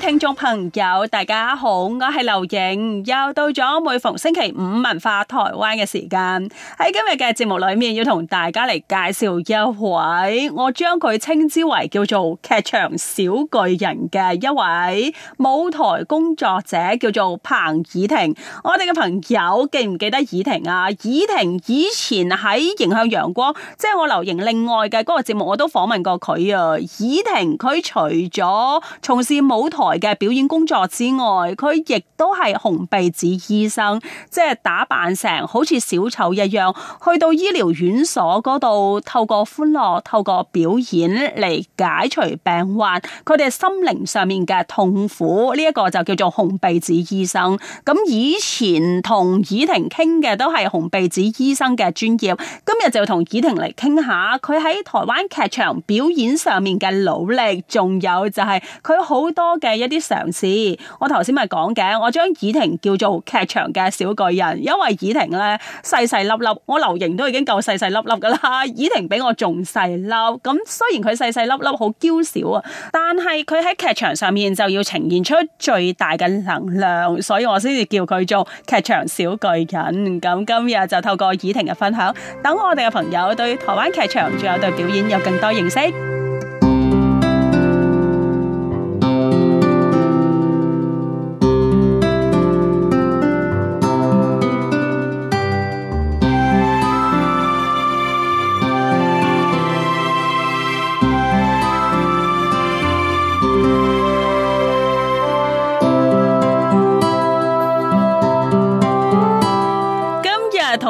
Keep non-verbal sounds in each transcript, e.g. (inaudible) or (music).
聽眾朋友，大家好，我係劉瑩，又到咗每逢星期五文化台灣嘅時間。喺今日嘅節目裏面，要同大家嚟介紹一位，我將佢稱之為叫做劇場小巨人嘅一位舞台工作者，叫做彭漪婷。我哋嘅朋友記唔記得漪婷啊？漪婷以前喺迎向陽光，即係我劉瑩另外嘅嗰個節目，我都訪問過佢啊。漪婷佢除咗從事舞台。嘅表演工作之外，佢亦都係紅鼻子醫生，即係打扮成好似小丑一樣，去到醫療院所嗰度，透過歡樂，透過表演嚟解除病患佢哋心靈上面嘅痛苦。呢、這、一個就叫做紅鼻子醫生。咁以前同漪婷傾嘅都係紅鼻子醫生嘅專業，今日就同漪婷嚟傾下佢喺台灣劇場表演上面嘅努力，仲有就係佢好多嘅。一啲嘗試，我頭先咪講嘅，我將漪婷叫做劇場嘅小巨人，因為漪婷咧細細粒粒，我劉瑩都已經夠細細粒粒噶啦，漪婷比我仲細粒，咁雖然佢細細粒粒好嬌小啊，但係佢喺劇場上面就要呈現出最大嘅能量，所以我先至叫佢做劇場小巨人。咁今日就透過漪婷嘅分享，等我哋嘅朋友對台灣劇場仲有對表演有更多認識。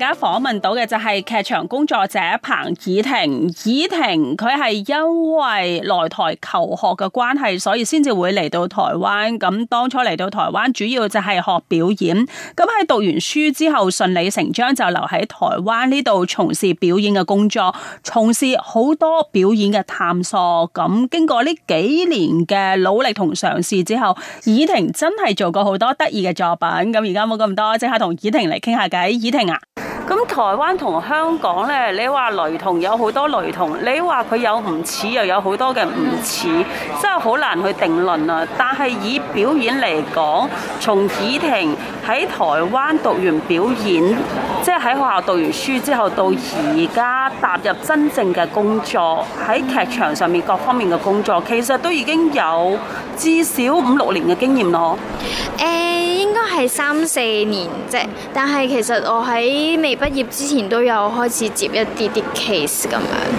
而家訪問到嘅就係劇場工作者彭漪婷，漪婷佢係因為來台求學嘅關係，所以先至會嚟到台灣。咁當初嚟到台灣主要就係學表演。咁喺讀完書之後，順理成章就留喺台灣呢度從事表演嘅工作，從事好多表演嘅探索。咁經過呢幾年嘅努力同嘗試之後，漪婷真係做過好多得意嘅作品。咁而家冇咁多，即刻同漪婷嚟傾下偈。漪婷啊！咁台灣同香港呢，你話雷同有好多雷同，你話佢有唔似又有好多嘅唔似，真係好難去定論啊！但係以表演嚟講，從漪婷喺台灣讀完表演，即係喺學校讀完書之後，到而家踏入真正嘅工作喺劇場上面各方面嘅工作，其實都已經有至少五六年嘅經驗咯。誒、哎。係三四年啫，但係其實我喺未畢業之前都有開始接一啲啲 case 咁樣。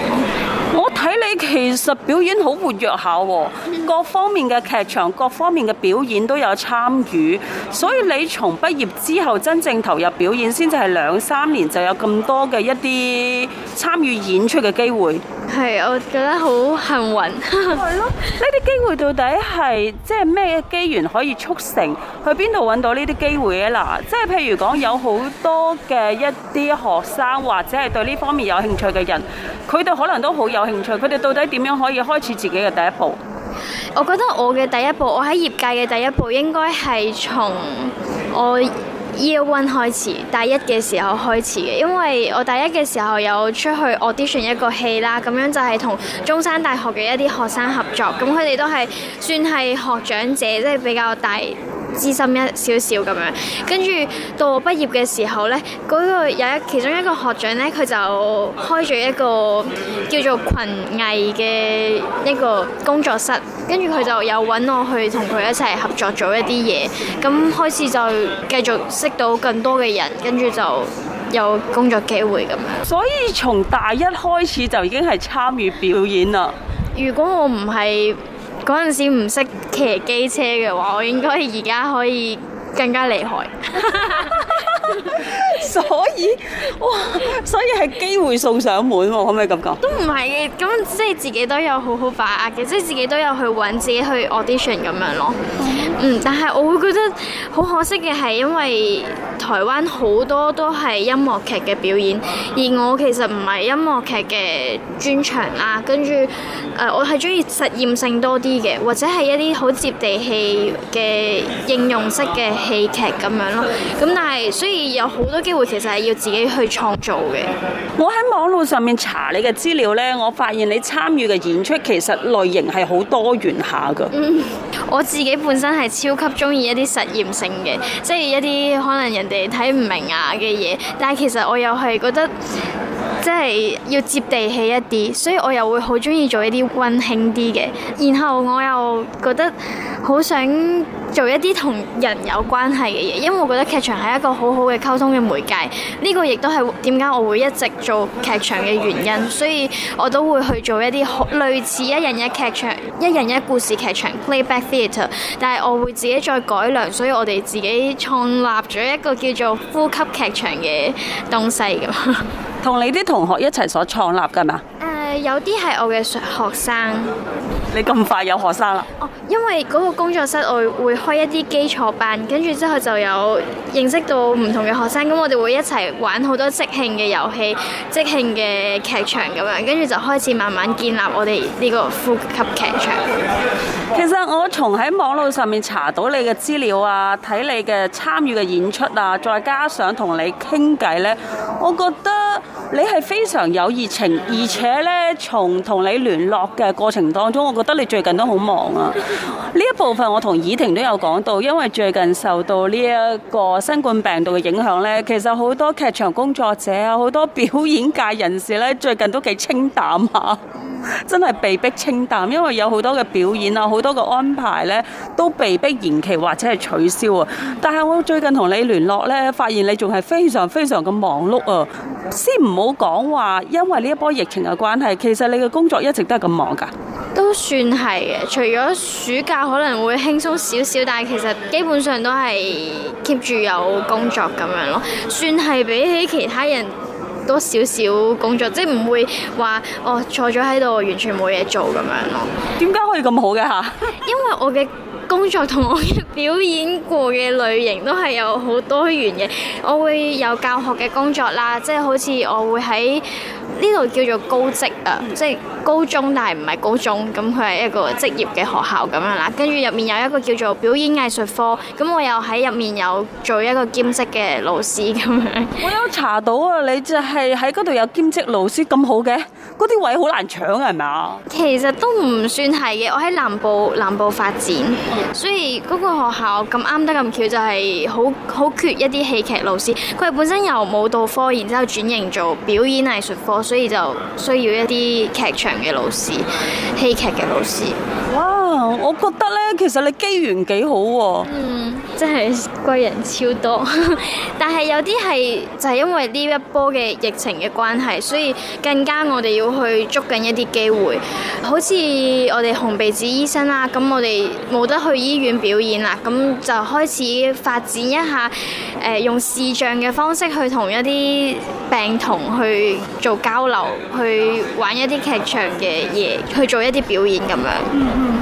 我睇你其實表演好活躍下喎、哦，各方面嘅劇場、各方面嘅表演都有參與，所以你從畢業之後真正投入表演先就係兩三年就有咁多嘅一啲參與演出嘅機會。係，我覺得好幸運，係 (laughs) 咯。呢啲機會到底係即係咩機緣可以促成？去邊度揾到機呢啲機會咧？嗱，即係譬如講有好多嘅一啲學生或者係對呢方面有興趣嘅人，佢哋可能都好有興趣。佢哋到底點樣可以開始自己嘅第，第一步？我覺得我嘅第一步，我喺業界嘅第一步應該係從我。Year One 開始，大一嘅時候開始嘅，因為我大一嘅時候有出去 audition 一個戲啦，咁樣就係同中山大學嘅一啲學生合作，咁佢哋都係算係學長者，即係比較大。資深一少少咁樣，跟住到我畢業嘅時候呢，嗰個有一其中一個學長呢，佢就開咗一個叫做群藝嘅一個工作室，跟住佢就有揾我去同佢一齊合作做一啲嘢，咁開始就繼續識到更多嘅人，跟住就有工作機會咁樣。所以從大一開始就已經係參與表演啦。如果我唔係，嗰陣時唔識騎機車嘅話，我應該而家可以更加厲害。所以，哇！所以係機會送上門喎，可唔可以咁講？都唔係嘅，咁即係自己都有好好把握嘅，即係自己都有去搵自己去 audition 咁樣咯。嗯嗯，但係我會覺得好可惜嘅係，因為台灣好多都係音樂劇嘅表演，而我其實唔係音樂劇嘅專長啦。跟住誒、呃，我係鍾意實驗性多啲嘅，或者係一啲好接地氣嘅應用式嘅戲劇咁樣咯。咁、嗯、但係，所以有好多機會其實係要自己去創造嘅。我喺網路上面查你嘅資料呢，我發現你參與嘅演出其實類型係好多元下㗎？嗯我自己本身係超級鍾意一啲實驗性嘅，即係一啲可能人哋睇唔明啊嘅嘢。但係其實我又係覺得，即係要接地氣一啲，所以我又會好鍾意做一啲温馨啲嘅。然後我又覺得好想做一啲同人有關係嘅嘢，因為我覺得劇場係一個好好嘅溝通嘅媒介。呢個亦都係點解我會一直做劇場嘅原因，所以我都會去做一啲類似一人一劇場、一人一故事劇場 playback theatre，但係我會自己再改良，所以我哋自己創立咗一個叫做呼吸劇場嘅東西。同 (laughs) 你啲同學一齊所創立㗎嘛？有啲係我嘅學生。你咁快有學生啦？哦，因為嗰個工作室我會開一啲基礎班，跟住之後就有認識到唔同嘅學生。咁我哋會一齊玩好多即興嘅遊戲、即興嘅劇場咁樣，跟住就開始慢慢建立我哋呢個呼吸劇場。其實我從喺網絡上面查到你嘅資料啊，睇你嘅參與嘅演出啊，再加上同你傾偈呢，我覺得。你係非常有熱情，而且咧，從同你聯絡嘅過程當中，我覺得你最近都好忙啊。呢一部分我同漪婷都有講到，因為最近受到呢一個新冠病毒嘅影響呢，其實好多劇場工作者啊，好多表演界人士呢，最近都幾清淡啊，真係被逼清淡，因為有好多嘅表演啊，好多嘅安排呢都被逼延期或者係取消啊。但係我最近同你聯絡呢，發現你仲係非常非常嘅忙碌啊。先唔好講話，因為呢一波疫情嘅關係，其實你嘅工作一直都係咁忙噶，都算係嘅。除咗暑假可能會輕鬆少少，但係其實基本上都係 keep 住有工作咁樣咯，算係比起其他人多少少工作，即係唔會話我、哦、坐咗喺度完全冇嘢做咁樣咯。點解可以咁好嘅吓？ (laughs) 因為我嘅。工作同我嘅表演過嘅類型都係有好多元嘅，我會有教學嘅工作啦，即係好似我會喺。呢度叫做高職啊，即係高中但係唔係高中，咁佢係一個職業嘅學校咁樣啦。跟住入面有一個叫做表演藝術科，咁我又喺入面有做一個兼職嘅老師。咁樣我有查到啊，你就係喺嗰度有兼職老師咁好嘅，嗰啲位好難搶啊，係咪啊？其實都唔算係嘅，我喺南部南部發展，所以嗰個學校咁啱得咁巧，巧就係好好缺一啲戲劇老師，佢係本身由舞蹈科然之後轉型做表演藝術科。所以就需要一啲劇場嘅老師、戲劇嘅老師。哇，我覺得咧，其實你機緣幾好、啊、嗯，真係貴人超多， (laughs) 但係有啲係就係、是、因為呢一波嘅疫情嘅關係，所以更加我哋要去捉緊一啲機會，好似我哋紅鼻子醫生啦、啊，咁我哋冇得去醫院表演啦，咁就開始發展一下誒、呃、用視像嘅方式去同一啲病童去做教交流，去玩一啲劇場嘅嘢，去做一啲表演咁樣嗯嗯。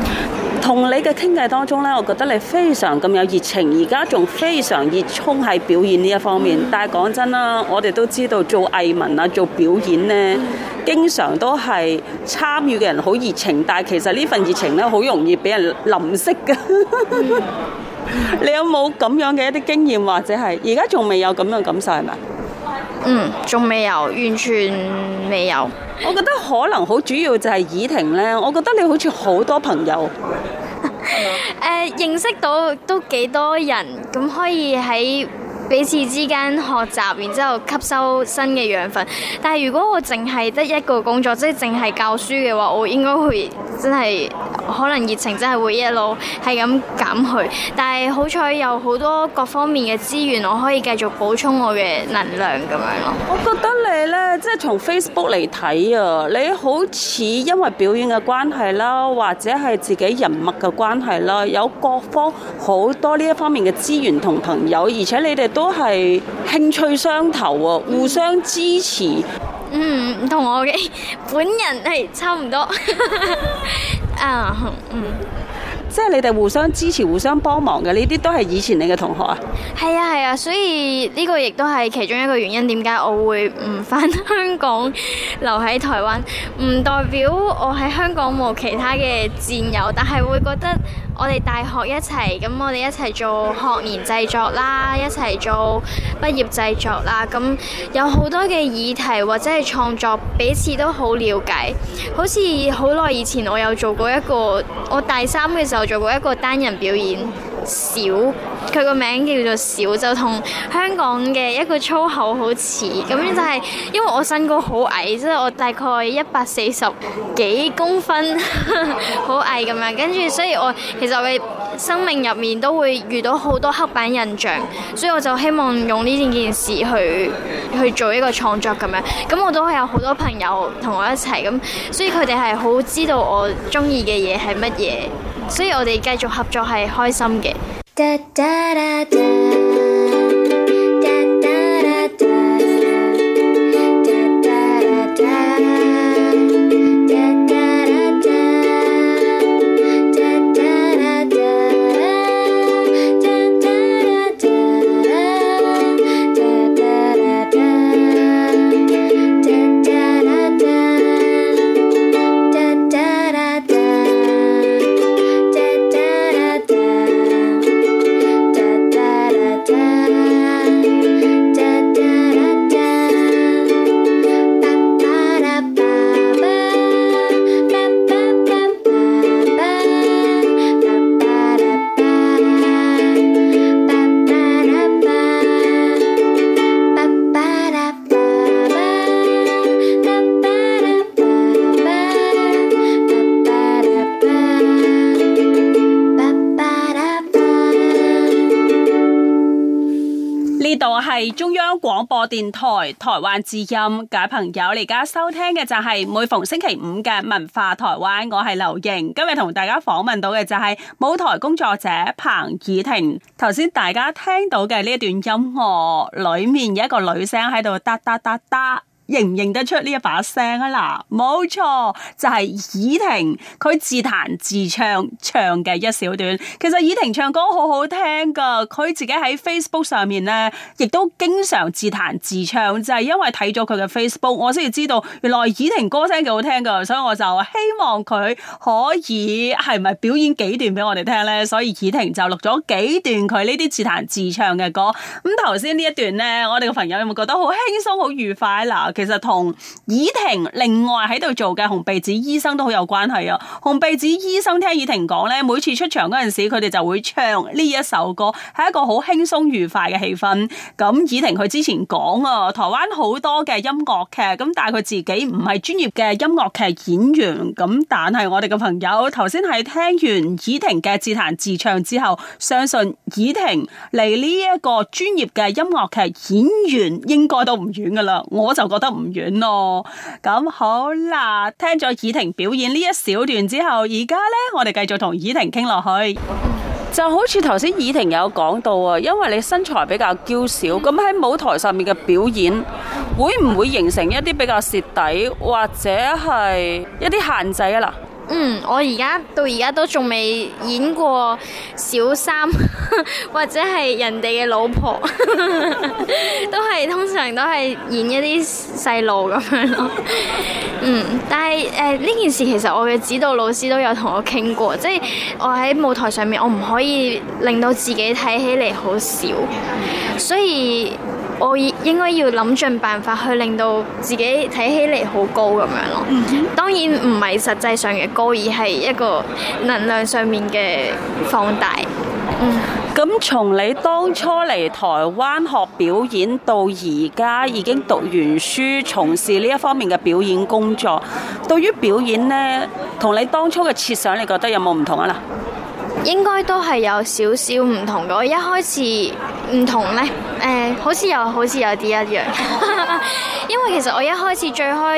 同、嗯、你嘅傾偈當中咧，我覺得你非常咁有熱情，而家仲非常熱衷喺表演呢一方面。嗯、但係講真啦，我哋都知道做藝文啊，做表演咧，嗯、經常都係參與嘅人好熱情，但係其實呢份熱情咧，好容易俾人淋熄嘅。 (laughs) 你有冇咁樣嘅一啲經驗，或者係而家仲未有咁樣感受係咪？嗯，仲未有，完全未有。我覺得可能好主要就係漪婷咧。我覺得你好似好多朋友，誒，認識到都幾多人，咁可以喺。彼此之間學習，然之後吸收新嘅養分。但係如果我淨係得一個工作，即係淨係教書嘅話，我應該會真係可能熱情真係會一路係咁減去。但係好彩有好多各方面嘅資源，我可以繼續補充我嘅能量咁樣咯。我覺得你咧，即係從 Facebook 嚟睇啊，你好似因為表演嘅關係啦，或者係自己人脈嘅關係啦，有各方好多呢一方面嘅資源同朋友，而且你哋都。都係興趣相投喎，互相支持。嗯，同我嘅本人係差唔多。 (laughs) 啊，嗯。即係你哋互相支持、互相幫忙嘅呢啲，都係以前你嘅同學啊？係啊，係啊，所以呢個亦都係其中一個原因，點解我會唔返香港留喺台灣？唔代表我喺香港冇其他嘅戰友，但係會覺得。我哋大學一齊，咁我哋一齊做學年製作啦，一齊做畢業製作啦，咁有好多嘅議題或者係創作，彼此都好了解。好似好耐以前，我有做過一個，我大三嘅時候做過一個單人表演。小，佢個名叫做小，就同香港嘅一個粗口好似。咁樣就係、是、因為我身高好矮，即係我大概一百四十幾公分，好矮咁樣。跟住，所以我， (laughs) 所以我其實我生命入面都會遇到好多刻板印象，所以我就希望用呢件件事去去做一個創作咁樣。咁我都係有好多朋友同我一齊咁，所以佢哋係好知道我中意嘅嘢係乜嘢。所以我哋繼續合作，係開心嘅。 (music) 呢度係中央廣播電台台灣之音，各位朋友，你而家收聽嘅就係每逢星期五嘅文化台灣，我係劉瑩。今日同大家訪問到嘅就係舞台工作者彭漪婷。頭先大家聽到嘅呢一段音樂裏面有一個女聲喺度，噠噠噠噠。認唔認得出呢一把聲啊？嗱，冇錯，就係漪婷，佢自彈自唱唱嘅一小段。其實漪婷唱歌好好聽㗎，佢自己喺 Facebook 上面呢亦都經常自彈自唱，就係因為睇咗佢嘅 Facebook，我先至知道原來漪婷歌聲幾好聽㗎，所以我就希望佢可以係咪表演幾段俾我哋聽呢？所以漪婷就錄咗幾段佢呢啲自彈自唱嘅歌。咁頭先呢一段呢，我哋嘅朋友有冇覺得好輕鬆、好愉快嗱？其實同漪婷另外喺度做嘅紅鼻子醫生都好有關係啊！紅鼻子醫生聽漪婷講咧，每次出場嗰陣時，佢哋就會唱呢一首歌，係一個好輕鬆愉快嘅氣氛。咁漪婷佢之前講啊，台灣好多嘅音樂劇，咁但係佢自己唔係專業嘅音樂劇演員。咁但係我哋嘅朋友頭先係聽完漪婷嘅自彈自唱之後，相信漪婷離呢一個專業嘅音樂劇演員應該都唔遠㗎喇，我就覺得。唔遠咯，咁好啦。聽咗漪婷表演呢一小段之後，而家呢，我哋繼續同漪婷傾落去。就好似頭先漪婷有講到啊，因為你身材比較嬌小，咁喺舞台上面嘅表演，會唔會形成一啲比較蝕底或者係一啲限制啊？嗱。嗯，我而家到而家都仲未演過小三， (laughs) 或者係人哋嘅老婆， (laughs) 都係通常都係演一啲細路咁樣咯。 (laughs) 嗯，但係誒呢件事其實我嘅指導老師都有同我傾過，即係我喺舞台上面我唔可以令到自己睇起嚟好小，所以我已，應該要諗盡辦法去令到自己睇起嚟好高咁樣咯。當然唔係實際上嘅高，而係一個能量上面嘅放大。嗯。咁從你當初嚟台灣學表演到而家已經讀完書，從事呢一方面嘅表演工作，對於表演呢，同你當初嘅設想，你覺得有冇唔同啊？嗱？應該都係有少少唔同嘅。我一開始唔同咧，誒、欸，好似又好似有啲一,一樣。 (laughs) 因為其實我一開始最開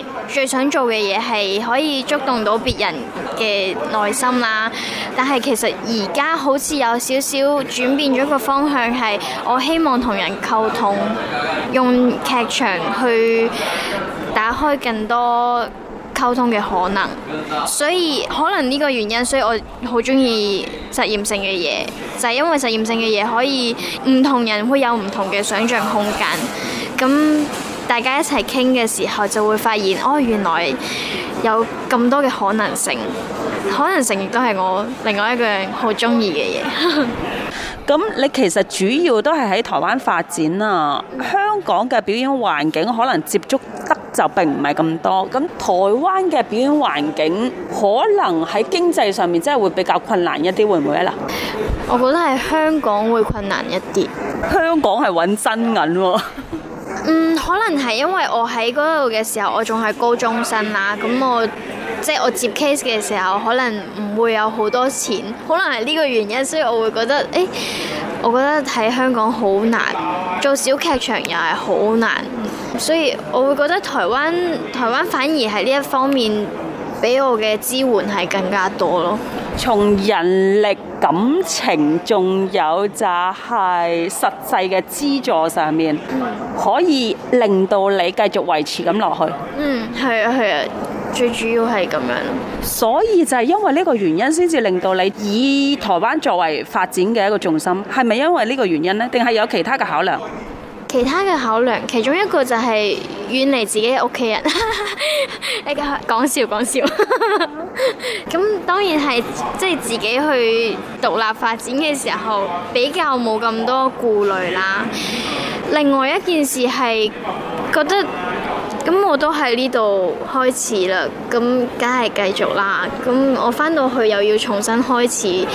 始最想做嘅嘢係可以觸動到別人嘅內心啦。但係其實而家好似有少少轉變咗個方向，係我希望同人溝通，用劇場去打開更多。溝通嘅可能，所以可能呢個原因，所以我好中意實驗性嘅嘢，就係因為實驗性嘅嘢可以唔同人會有唔同嘅想像空間。咁大家一齊傾嘅時候就會發現，哦，原來有咁多嘅可能性，可能性亦都係我另外一個好中意嘅嘢。咁 (laughs) 你其實主要都係喺台灣發展啊？香港嘅表演環境可能接觸就並唔係咁多，咁台灣嘅表演環境可能喺經濟上面真係會比較困難一啲，會唔會啊嗱？我覺得係香港會困難一啲，香港係揾真銀喎，哦。 (laughs) 嗯，可能係因為我喺嗰度嘅時候，我仲係高中生啦，咁我即係我接 case 嘅時候，可能唔會有好多錢，可能係呢個原因，所以我會覺得，誒、欸、我覺得喺香港好難，做小劇場又係好難。所以，我會覺得台灣台灣反而係呢一方面俾我嘅支援係更加多咯。從人力、感情，仲有就係實際嘅資助上面，嗯、可以令到你繼續維持咁落去。嗯，係啊，係啊，最主要係咁樣咯。所以就係因為呢個原因，先至令到你以台灣作為發展嘅一個重心。係咪因為呢個原因咧？定係有其他嘅考量？其他嘅考量，其中一個就係遠離自己嘅屋企人，你講笑講笑。咁 (laughs) 當然係即係自己去獨立發展嘅時候，比較冇咁多顧慮啦。另外一件事係覺得，咁我都喺呢度開始啦，咁梗係繼續啦。咁我翻到去又要重新開始，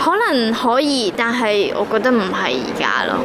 可能可以，但係我覺得唔係而家咯。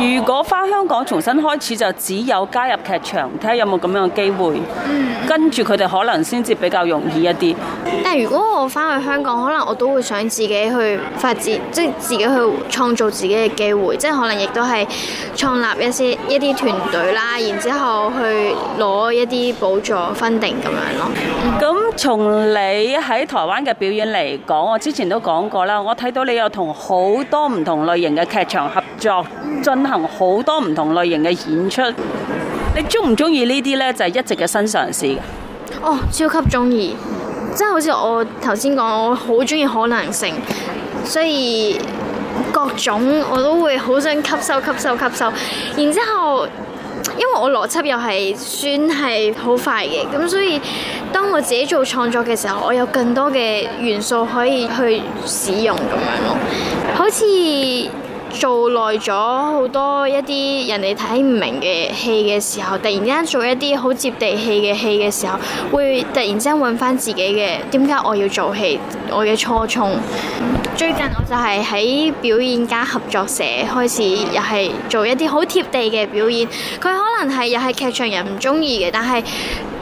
如果翻香港重新開始，就只有加入劇場睇下有冇咁樣嘅機會，嗯，跟住佢哋可能先至比較容易一啲。但係如果我翻去香港，可能我都會想自己去發展，即係自己去創造自己嘅機會，即係可能亦都係創立一些一啲團隊啦，然之後去攞一啲補助 funding 咁樣咯。咁、嗯嗯從你喺台灣嘅表演嚟講，我之前都講過啦。我睇到你有同好多唔同類型嘅劇場合作，進行好多唔同類型嘅演出。你中唔中意呢啲呢？就係一直嘅新嘗試。哦，超級中意！即係好似我頭先講，我好中意可能性，所以各種我都會好想吸收、吸收、吸收，然之後。因為我邏輯又係算係好快嘅，咁所以當我自己做創作嘅時候，我有更多嘅元素可以去使用。咁樣囉，好似。做耐咗好多一啲人哋睇唔明嘅戲嘅時候，突然間做一啲好接地氣嘅戲嘅時候，會突然間揾翻自己嘅點解我要做戲，我嘅初衷。最近我就係喺表演家合作社開始，又係做一啲好貼地嘅表演。佢可能係又係劇場人唔中意嘅，但係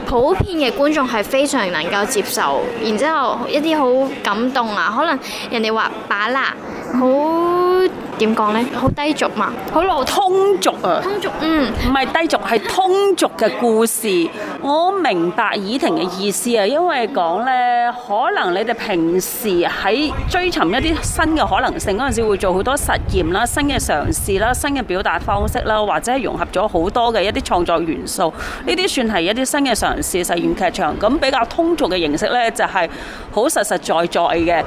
普遍嘅觀眾係非常能夠接受。然之後一啲好感動啊，可能人哋話芭樂好。點講咧？好低俗嘛？好老通俗啊！通俗，嗯，唔係低俗，係通俗嘅故事。我明白漪婷嘅意思啊，因為講咧，可能你哋平時喺追尋一啲新嘅可能性嗰陣時，會做好多實驗啦、新嘅嘗試啦、新嘅表達方式啦，或者融合咗好多嘅一啲創作元素。呢啲算係一啲新嘅嘗試、實驗劇場。咁比較通俗嘅形式咧，就係好實實在在嘅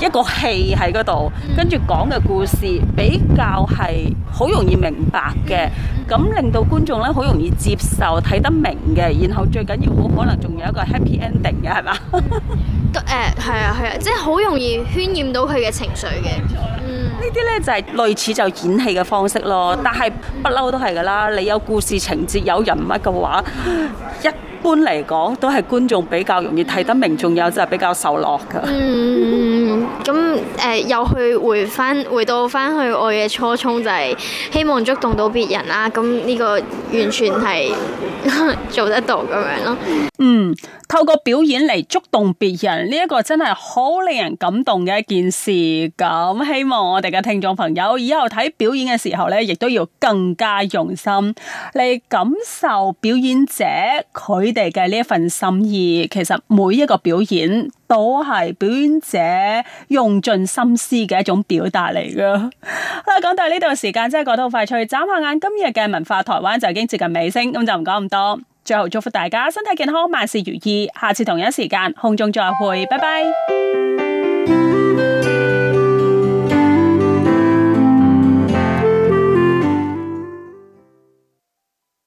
一個戲喺嗰度，跟住講嘅故事。比較係好容易明白嘅，咁令到觀眾咧好容易接受睇得明嘅，然後最緊要好可能仲有一個 happy ending 嘅係嘛？誒係、 (laughs) 嗯呃、啊係啊，啊，啊，即係好容易渲染到佢嘅情緒嘅。嗯、呢啲呢就係、是、類似就演戲嘅方式咯，但係不嬲都係噶啦，你有故事情節有人物嘅話，一般嚟講，都係觀眾比較容易睇得明，仲有就係比較受落㗎。嗯，咁誒又去回返，回到返去我嘅初衷就係希望觸動到別人啦。咁呢個完全係做得到咁樣咯。嗯，透過表演嚟觸動別人呢一個真係好令人感動嘅一件事。咁希望我哋嘅聽眾朋友以後睇表演嘅時候呢，亦都要更加用心嚟感受表演者佢哋嘅呢一份心意，其實每一個表演都係表演者用盡心思嘅一種表達嚟㗎。好 (laughs) 講到呢度時間真係過得好快脆。眨下眼，今日嘅文化台灣就已經接近尾聲，咁就唔講咁多。最後祝福大家身體健康，萬事如意。下次同一時間空中再會，拜拜。